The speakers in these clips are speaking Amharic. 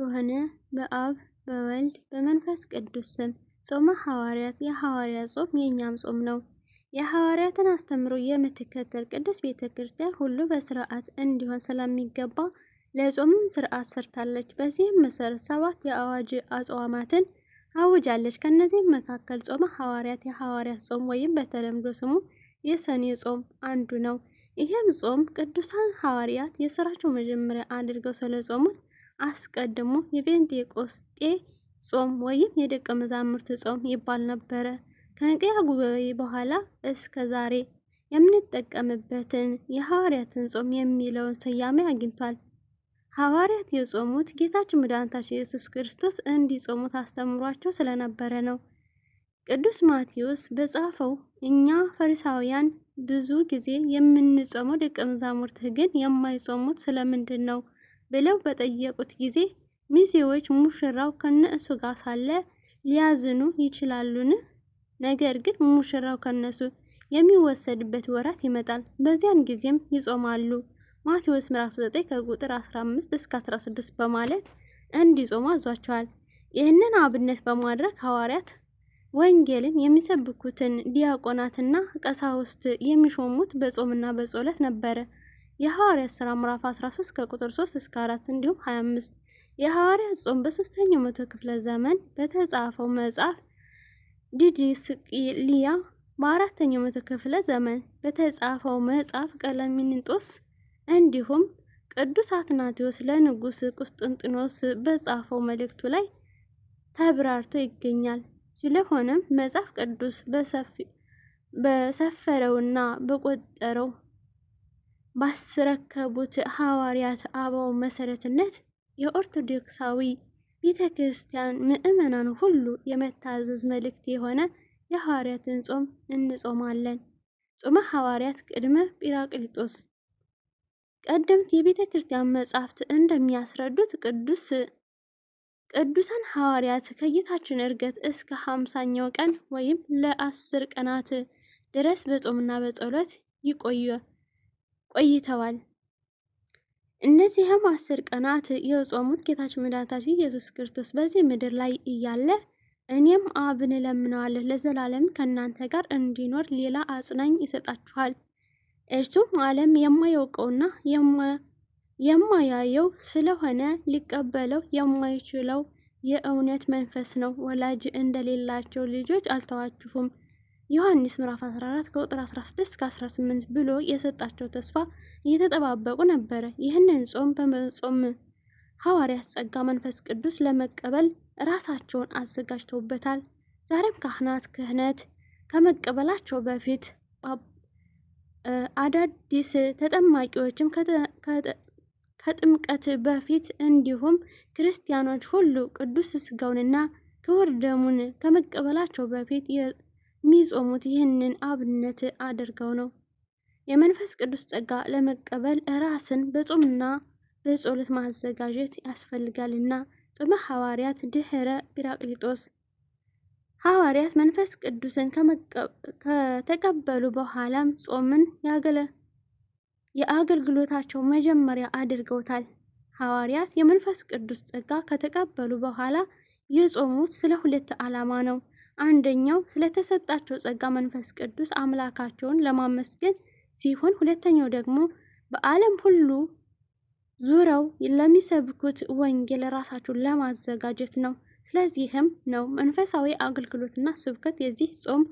በሆነ በአብ በወልድ በመንፈስ ቅዱስ ስም ጾመ ሐዋርያት የሐዋርያ ጾም የእኛም ጾም ነው። የሐዋርያትን አስተምሮ የምትከተል ቅዱስ ቤተ ክርስቲያን ሁሉ በስርዓት እንዲሆን ስለሚገባ ለጾምም ስርዓት ሰርታለች። በዚህም መሰረት ሰባት የአዋጅ አጽዋማትን አውጃለች። ከእነዚህም መካከል ጾመ ሐዋርያት የሐዋርያት ጾም ወይም በተለምዶ ስሙ የሰኔ ጾም አንዱ ነው። ይህም ጾም ቅዱሳን ሐዋርያት የስራቸው መጀመሪያ አድርገው ስለጾሙት አስቀድሞ የጴንጤቆስጤ ጾም ወይም የደቀ መዛሙርት ጾም ይባል ነበረ። ከንቅያ ጉባኤ በኋላ እስከ ዛሬ የምንጠቀምበትን የሐዋርያትን ጾም የሚለውን ስያሜ አግኝቷል። ሐዋርያት የጾሙት ጌታችን መድኃኒታችን ኢየሱስ ክርስቶስ እንዲጾሙት አስተምሯቸው ስለነበረ ነው። ቅዱስ ማቴዎስ በጻፈው እኛ ፈሪሳውያን ብዙ ጊዜ የምንጾመው ደቀ መዛሙርትህ ግን የማይጾሙት ስለምንድን ነው ብለው በጠየቁት ጊዜ ሚዜዎች ሙሽራው ከነሱ ጋር ሳለ ሊያዝኑ ይችላሉን? ነገር ግን ሙሽራው ከነሱ የሚወሰድበት ወራት ይመጣል። በዚያን ጊዜም ይጾማሉ። ማቴዎስ ምዕራፍ 9 ከቁጥር 15 እስከ 16 በማለት እንዲጾሙ አዟቸዋል። ይህንን አብነት በማድረግ ሐዋርያት ወንጌልን የሚሰብኩትን ዲያቆናትና ቀሳውስት የሚሾሙት በጾምና በጸሎት ነበረ። የሐዋርያት ሥራ ምዕራፍ 13 ከቁጥር 3 እስከ 4 እንዲሁም 25 የሐዋርያት ጾም በሦስተኛው መቶ ክፍለ ዘመን በተጻፈው መጽሐፍ ዲዲስቅልያ በአራተኛው መቶ ክፍለ ዘመን በተጻፈው መጽሐፍ ቀለሚንጦስ እንዲሁም ቅዱስ አትናቴዎስ ለንጉሥ ቁስጥንጥኖስ በጻፈው መልእክቱ ላይ ተብራርቶ ይገኛል። ስለሆነም መጽሐፍ ቅዱስ በሰፈረውና በቆጠረው ባስረከቡት ሐዋርያት አበው መሰረትነት የኦርቶዶክሳዊ ቤተ ክርስቲያን ምእመናን ሁሉ የመታዘዝ መልእክት የሆነ የሐዋርያትን ጾም እንጾማለን። ጾመ ሐዋርያት ቅድመ ጲራቅሊጦስ ቀደምት የቤተ ክርስቲያን መጻሕፍት እንደሚያስረዱት ቅዱስ ቅዱሳን ሐዋርያት ከጌታችን እርገት እስከ ሀምሳኛው ቀን ወይም ለአስር ቀናት ድረስ በጾምና በጸሎት ይቆዩ ቆይተዋል። እነዚህም አስር ቀናት የጾሙት ጌታችን መድኃኒታችን ኢየሱስ ክርስቶስ በዚህ ምድር ላይ እያለ እኔም አብን እለምነዋለሁ ለዘላለም ከእናንተ ጋር እንዲኖር ሌላ አጽናኝ ይሰጣችኋል፣ እርሱም ዓለም የማያውቀውና የማያየው ስለሆነ ሊቀበለው የማይችለው የእውነት መንፈስ ነው። ወላጅ እንደሌላቸው ልጆች አልተዋችሁም ዮሐንስ ምዕራፍ 14 ከቁጥር 16 እስከ 18 ብሎ የሰጣቸው ተስፋ እየተጠባበቁ ነበረ። ይህንን ጾም በመጾም ሐዋርያት ጸጋ መንፈስ ቅዱስ ለመቀበል ራሳቸውን አዘጋጅተውበታል። ዛሬም ካህናት ክህነት ከመቀበላቸው በፊት አዳዲስ ተጠማቂዎችም ከጥምቀት በፊት እንዲሁም ክርስቲያኖች ሁሉ ቅዱስ ስጋውንና ክቡር ደሙን ከመቀበላቸው በፊት የሚጾሙት ይህንን አብነት አድርገው ነው። የመንፈስ ቅዱስ ጸጋ ለመቀበል ራስን በጾምና በጸሎት ማዘጋጀት ያስፈልጋልና ጾመ ሐዋርያት ድኅረ ፒራቅሊጦስ ሐዋርያት መንፈስ ቅዱስን ከተቀበሉ በኋላም ጾምን ያገለ የአገልግሎታቸው መጀመሪያ አድርገውታል። ሐዋርያት የመንፈስ ቅዱስ ጸጋ ከተቀበሉ በኋላ የጾሙት ስለ ሁለት ዓላማ ነው። አንደኛው ስለተሰጣቸው ጸጋ መንፈስ ቅዱስ አምላካቸውን ለማመስገን ሲሆን፣ ሁለተኛው ደግሞ በዓለም ሁሉ ዙረው ለሚሰብኩት ወንጌል ራሳቸውን ለማዘጋጀት ነው። ስለዚህም ነው መንፈሳዊ አገልግሎትና ስብከት የዚህ ጾም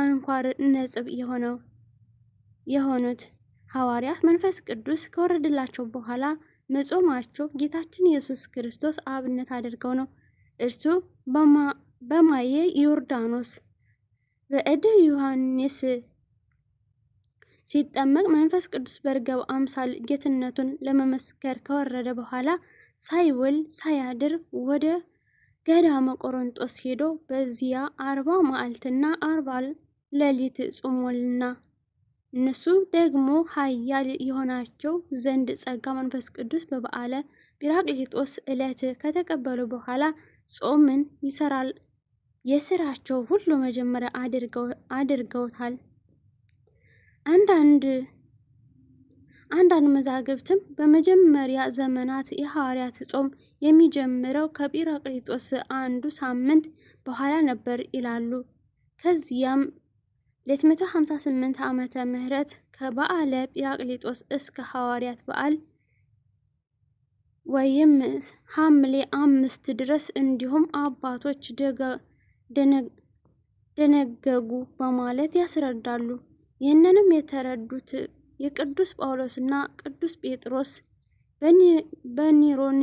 አንኳር ነጥብ የሆነው የሆኑት ሐዋርያት መንፈስ ቅዱስ ከወረደላቸው በኋላ መጾማቸው ጌታችን ኢየሱስ ክርስቶስ አብነት አድርገው ነው። እርሱ በማየ ዮርዳኖስ በእደ ዮሐንስ ሲጠመቅ መንፈስ ቅዱስ በርግብ አምሳል ጌትነቱን ለመመስከር ከወረደ በኋላ ሳይውል ሳያድር ወደ ገዳመ ቆሮንጦስ ሄዶ በዚያ አርባ መዓልትና አርባ ሌሊት ጾሞልና እነሱ ደግሞ ኃያል የሆናቸው ዘንድ ጸጋ መንፈስ ቅዱስ በበዓለ ቢራቅሊጦስ ዕለት ከተቀበሉ በኋላ ጾምን ይሰራል የስራቸው ሁሉ መጀመሪያ አድርገውታል። አንዳንድ አንዳንድ መዛግብትም በመጀመሪያ ዘመናት የሐዋርያት ጾም የሚጀምረው ከጲራቅሊጦስ አንዱ ሳምንት በኋላ ነበር ይላሉ። ከዚያም ለ258 ዓመተ ምህረት ከበዓለ ጲራቅሊጦስ እስከ ሐዋርያት በዓል ወይም ሐምሌ አምስት ድረስ እንዲሁም አባቶች ደነገጉ በማለት ያስረዳሉ። ይህንንም የተረዱት የቅዱስ ጳውሎስና ቅዱስ ጴጥሮስ በኒሮን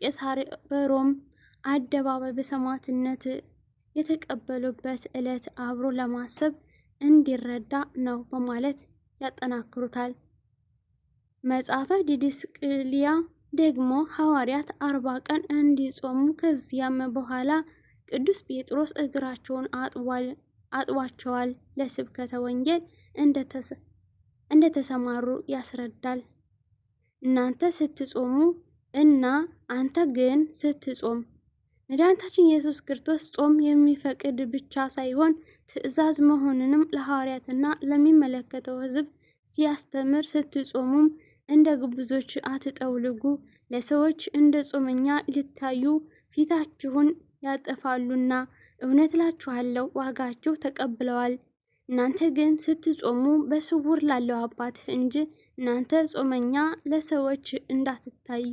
ቄሳር በሮም አደባባይ በሰማዕትነት የተቀበሉበት ዕለት አብሮ ለማሰብ እንዲረዳ ነው በማለት ያጠናክሩታል። መጽሐፈ ዲድስቅልያ ደግሞ ሐዋርያት አርባ ቀን እንዲጾሙ ከዚያም በኋላ ቅዱስ ጴጥሮስ እግራቸውን አጥቧቸዋል። ለስብከተ ወንጌል እንደተሰማሩ ያስረዳል። እናንተ ስትጾሙ እና አንተ ግን ስትጾም መድኃኒታችን ኢየሱስ ክርስቶስ ጾም የሚፈቅድ ብቻ ሳይሆን ትእዛዝ መሆንንም ለሐዋርያትና ለሚመለከተው ሕዝብ ሲያስተምር ስትጾሙም እንደ ግብዞች አትጠውልጉ፣ ለሰዎች እንደ ጾመኛ ልታዩ ፊታችሁን ያጠፋሉና እውነት እላችኋለሁ ዋጋችሁ ተቀብለዋል። እናንተ ግን ስትጾሙ በስውር ላለው አባትህ እንጂ እናንተ ጾመኛ ለሰዎች እንዳትታይ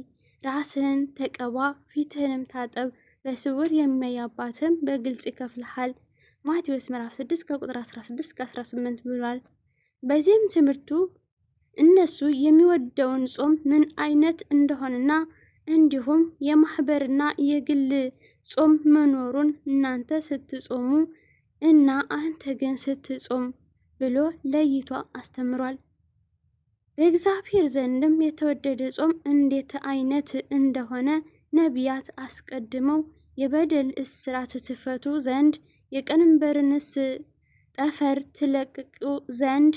ራስህን ተቀባ፣ ፊትህንም ታጠብ፣ በስውር የሚያይ አባትህም በግልጽ ይከፍልሃል። ማቴዎስ ምዕራፍ 6 ከቁጥር 16 18 ብሏል። በዚህም ትምህርቱ እነሱ የሚወደውን ጾም ምን አይነት እንደሆነና እንዲሁም የማህበርና የግል ጾም መኖሩን እናንተ ስትጾሙ እና አንተ ግን ስትጾም ብሎ ለይቶ አስተምሯል። በእግዚአብሔር ዘንድም የተወደደ ጾም እንዴት አይነት እንደሆነ ነቢያት አስቀድመው የበደል እስራት ትፈቱ ዘንድ የቀንበርንስ ጠፈር ትለቅቁ ዘንድ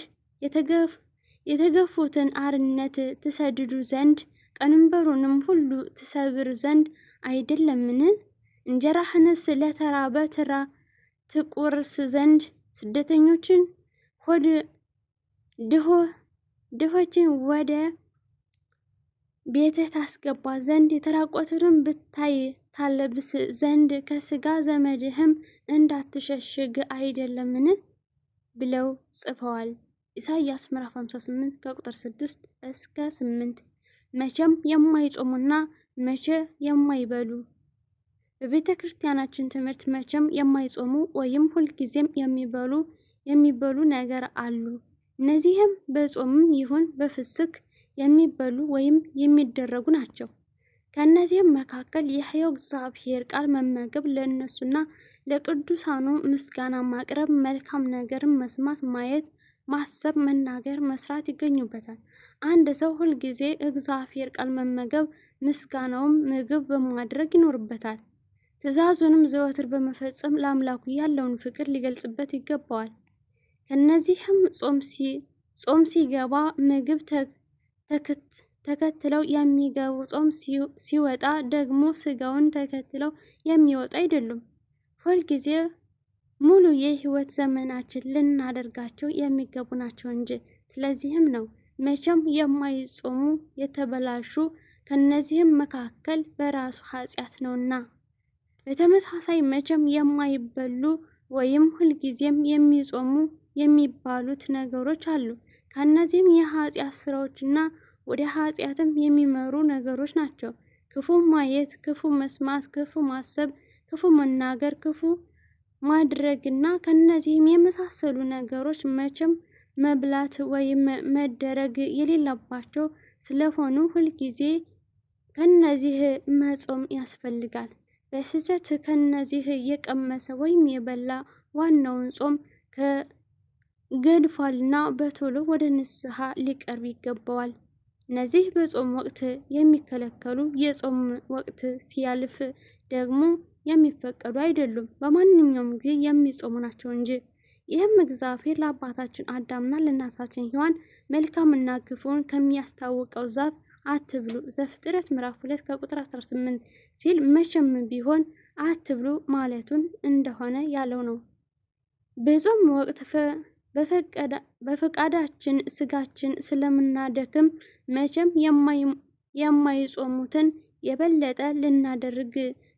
የተገፉትን አርነት ትሰድዱ ዘንድ ቀንበሩንም ሁሉ ትሰብር ዘንድ አይደለምን? እንጀራህንስ ለተራ በተራ ትቁርስ ዘንድ ስደተኞችን ሆድ ድሆችን ወደ ቤትህ ታስገባ ዘንድ የተራቆቱትን ብታይ ታለብስ ዘንድ ከስጋ ዘመድህም እንዳትሸሽግ አይደለምን? ብለው ጽፈዋል። ኢሳይያስ ምዕራፍ 58 ከቁጥር 6 እስከ 8 መቼም የማይጾሙና መቼ የማይበሉ በቤተ ክርስቲያናችን ትምህርት መቼም የማይጾሙ ወይም ሁልጊዜም የሚበሉ የሚበሉ ነገር አሉ። እነዚህም በጾምም ይሁን በፍስክ የሚበሉ ወይም የሚደረጉ ናቸው። ከእነዚህም መካከል የሕያው እግዚአብሔር ቃል መመገብ፣ ለእነሱና ለቅዱሳኑ ምስጋና ማቅረብ፣ መልካም ነገርን መስማት፣ ማየት ማሰብ፣ መናገር፣ መስራት ይገኙበታል። አንድ ሰው ሁልጊዜ እግዚአብሔር ቃል መመገብ፣ ምስጋናውም ምግብ በማድረግ ይኖርበታል። ትእዛዙንም ዘወትር በመፈጸም ለአምላኩ ያለውን ፍቅር ሊገልጽበት ይገባዋል። ከእነዚህም ጾም ሲገባ ምግብ ተከትለው የሚገቡ ጾም ሲወጣ ደግሞ ስጋውን ተከትለው የሚወጡ አይደሉም። ሁልጊዜ ሙሉ የህይወት ዘመናችን ልናደርጋቸው የሚገቡ ናቸው እንጂ። ስለዚህም ነው መቼም የማይጾሙ የተበላሹ ከነዚህም መካከል በራሱ ኃጢአት ነውና። በተመሳሳይ መቼም የማይበሉ ወይም ሁልጊዜም የሚጾሙ የሚባሉት ነገሮች አሉ። ከእነዚህም የኃጢአት ስራዎችና ወደ ኃጢአትም የሚመሩ ነገሮች ናቸው። ክፉ ማየት፣ ክፉ መስማት፣ ክፉ ማሰብ፣ ክፉ መናገር፣ ክፉ ማድረግና ከነዚህም የመሳሰሉ ነገሮች መቼም መብላት ወይም መደረግ የሌለባቸው ስለሆኑ ሁልጊዜ ከነዚህ መጾም ያስፈልጋል። በስህተት ከነዚህ የቀመሰ ወይም የበላ ዋናውን ጾም ከገድፏልና በቶሎ ወደ ንስሐ ሊቀርብ ይገባዋል። እነዚህ በጾም ወቅት የሚከለከሉ የጾም ወቅት ሲያልፍ ደግሞ የሚፈቀዱ አይደሉም፣ በማንኛውም ጊዜ የሚጾሙ ናቸው እንጂ። ይህም እግዚአብሔር ለአባታችን አዳምና ለእናታችን ሔዋን መልካምና ክፉን ከሚያስታውቀው ዛፍ አትብሉ ዘፍጥረት ምዕራፍ 2 ከቁጥር 18 ሲል መቼም ቢሆን አትብሉ ማለቱን እንደሆነ ያለው ነው። በጾም ወቅት በፈቃዳችን ስጋችን ስለምናደክም መቼም የማይጾሙትን የበለጠ ልናደርግ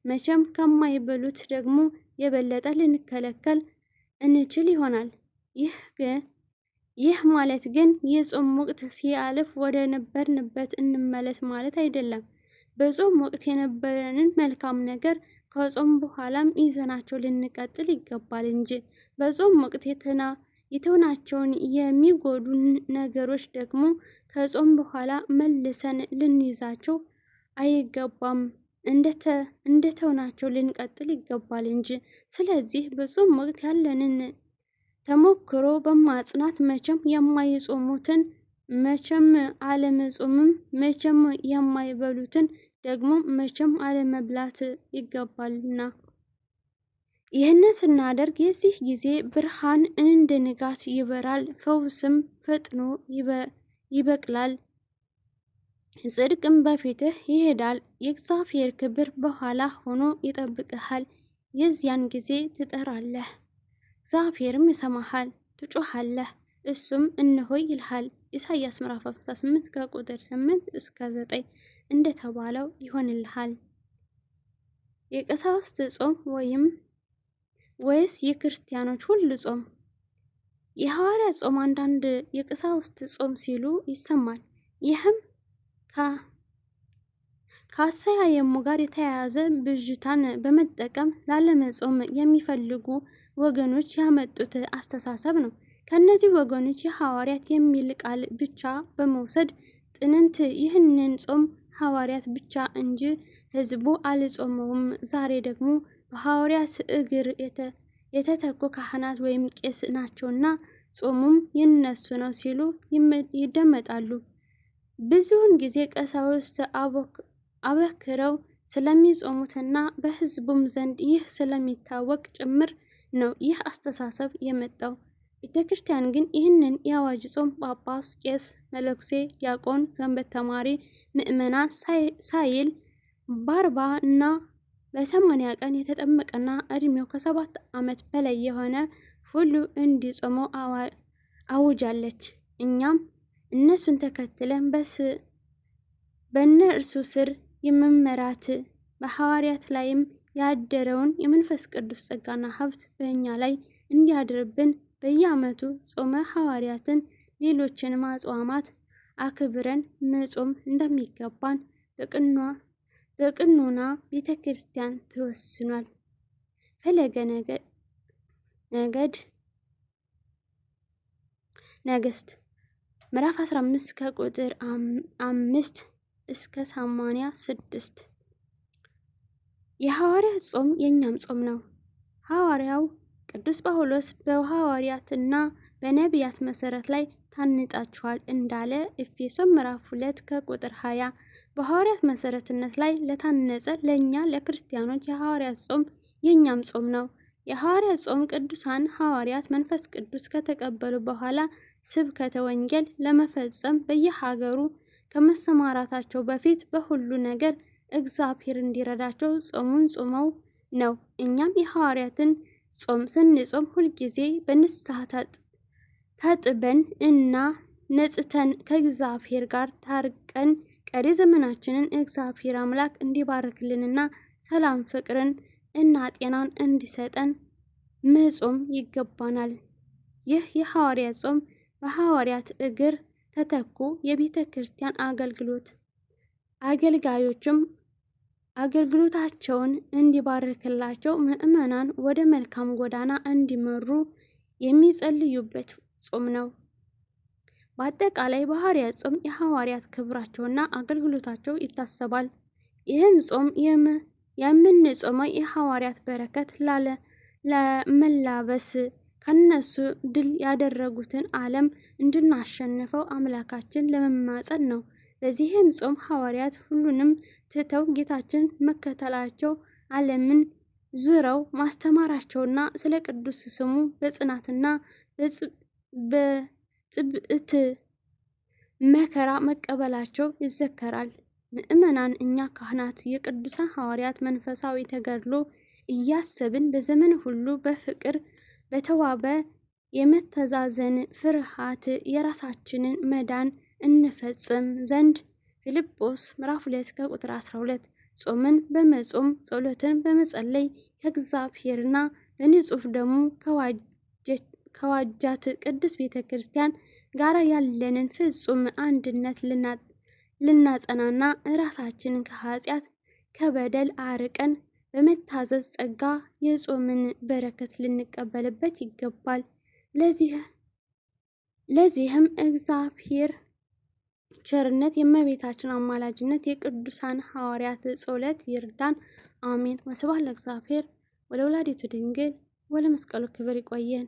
መቼም ከማይበሉት ደግሞ የበለጠ ልንከለከል እንችል ይሆናል። ይህ ማለት ግን የጾም ወቅት ሲያልፍ ወደ ነበርንበት እንመለስ ማለት አይደለም። በጾም ወቅት የነበረንን መልካም ነገር ከጾም በኋላም ይዘናቸው ልንቀጥል ይገባል እንጂ በጾም ወቅት የተውናቸውን የሚጎዱ ነገሮች ደግሞ ከጾም በኋላ መልሰን ልንይዛቸው አይገባም። እንደተውናቸው ልንቀጥል ይገባል እንጂ። ስለዚህ በጾም ወቅት ያለንን ተሞክሮ በማጽናት መቼም የማይጾሙትን መቼም አለመጾምም መቼም የማይበሉትን ደግሞ መቼም አለመብላት ይገባልና ይህንን ስናደርግ የዚህ ጊዜ ብርሃን እንደ ንጋት ይበራል፣ ፈውስም ፈጥኖ ይበቅላል። ጽድቅም በፊትህ ይሄዳል፣ የእግዚአብሔር ክብር በኋላ ሆኖ ይጠብቅሃል። የዚያን ጊዜ ትጠራለህ፣ እግዚአብሔርም ይሰማሃል። ትጮሃለህ፣ እሱም እነሆይ ይልሃል። ኢሳይያስ ምዕራፍ 58 ከቁጥር 8 እስከ 9 እንደተባለው ይሆንልሃል። የቀሳውስት ጾም ወይም ወይስ የክርስቲያኖች ሁሉ ጾም? የሐዋርያ ጾም አንዳንድ የቀሳውስት ጾም ሲሉ ይሰማል። ይህም ከአሰያየሙ ጋር የተያያዘ ብዥታን በመጠቀም ላለመጾም የሚፈልጉ ወገኖች ያመጡት አስተሳሰብ ነው። ከእነዚህ ወገኖች የሐዋርያት የሚል ቃል ብቻ በመውሰድ ጥንት ይህንን ጾም ሐዋርያት ብቻ እንጂ ሕዝቡ አልጾመውም፣ ዛሬ ደግሞ በሐዋርያት እግር የተተኩ ካህናት ወይም ቄስ ናቸውና ጾሙም የነሱ ነው ሲሉ ይደመጣሉ። ብዙውን ጊዜ ቀሳውስት አበክረው ስለሚጾሙትና በሕዝቡም ዘንድ ይህ ስለሚታወቅ ጭምር ነው ይህ አስተሳሰብ የመጣው። ቤተ ክርስቲያን ግን ይህንን የአዋጅ ጾም ጳጳስ፣ ቄስ፣ መለኩሴ፣ ዲያቆን፣ ሰንበት ተማሪ፣ ምዕመናን ሳይል በአርባ እና በሰማንያ ቀን የተጠመቀና ዕድሜው ከሰባት ዓመት በላይ የሆነ ሁሉ እንዲጾመው አውጃለች። እኛም እነሱን ተከትለን በስ በእነርሱ ስር የመመራት በሐዋርያት ላይም ያደረውን የመንፈስ ቅዱስ ጸጋና ሀብት በእኛ ላይ እንዲያድርብን በየዓመቱ ጾመ ሐዋርያትን ሌሎችንም አጽዋማት አክብረን መጾም እንደሚገባን በቅኖና ቤተ ክርስቲያን ተወስኗል። ፈለገ ነገድ ነገስት ምዕራፍ 15 ከቁጥር አምስት እስከ 86 የሐዋርያ ጾም የእኛም ጾም ነው። ሐዋርያው ቅዱስ ጳውሎስ በሐዋርያትና በነቢያት መሰረት ላይ ታንጣችኋል እንዳለ ኤፌሶን ምዕራፍ 2 ከቁጥር 20 በሐዋርያት መሰረትነት ላይ ለታነጸ ለእኛ ለክርስቲያኖች የሐዋርያት ጾም የእኛም ጾም ነው። የሐዋርያት ጾም ቅዱሳን ሐዋርያት መንፈስ ቅዱስ ከተቀበሉ በኋላ ስብከተ ወንጌል ለመፈጸም በየሀገሩ ከመሰማራታቸው በፊት በሁሉ ነገር እግዚአብሔር እንዲረዳቸው ጾሙን ጾመው ነው። እኛም የሐዋርያትን ጾም ስንጾም ሁልጊዜ በንስሐ ታጥበን እና ነጽተን ከእግዚአብሔር ጋር ታርቀን ቀሪ ዘመናችንን እግዚአብሔር አምላክ እንዲባርክልንና ሰላም፣ ፍቅርን እና ጤናን እንዲሰጠን መጾም ይገባናል። ይህ የሐዋርያ ጾም በሐዋርያት እግር ተተኩ። የቤተ ክርስቲያን አገልግሎት አገልጋዮችም አገልግሎታቸውን እንዲባርክላቸው ምዕመናን ወደ መልካም ጎዳና እንዲመሩ የሚጸልዩበት ጾም ነው። በአጠቃላይ በሐዋርያት ጾም የሐዋርያት ክብራቸውና አገልግሎታቸው ይታሰባል። ይህም ጾም የምንጾመው የሐዋርያት በረከት ለመላበስ ከነሱ ድል ያደረጉትን ዓለም እንድናሸንፈው አምላካችን ለመማጸን ነው። በዚህም ጾም ሐዋርያት ሁሉንም ትተው ጌታችን መከተላቸው፣ ዓለምን ዙረው ማስተማራቸውና ስለ ቅዱስ ስሙ በጽናትና በጽብእት መከራ መቀበላቸው ይዘከራል። ምእመናን እኛ ካህናት የቅዱሳን ሐዋርያት መንፈሳዊ ተጋድሎ እያሰብን በዘመን ሁሉ በፍቅር በተዋበ የመተዛዘን ፍርሃት የራሳችንን መዳን እንፈጽም ዘንድ ፊልጶስ ምዕራፍ 2 ከቁጥር 12 ጾምን በመጾም ጸሎትን በመጸለይ ከእግዚአብሔርና በንጹሕ ደሙ ከዋጃት ቅድስት ቤተ ክርስቲያን ጋር ያለንን ፍጹም አንድነት ልናጸናና ራሳችንን ከኃጢአት ከበደል አርቀን በመታዘዝ ጸጋ የጾምን በረከት ልንቀበልበት ይገባል። ለዚህም እግዚአብሔር ቸርነት፣ የእመቤታችን አማላጅነት፣ የቅዱሳን ሐዋርያት ጸሎት ይርዳን። አሜን። ወስብሐት ለእግዚአብሔር ወለወላዲቱ ድንግል ወለመስቀሉ ክብር። ይቆየን።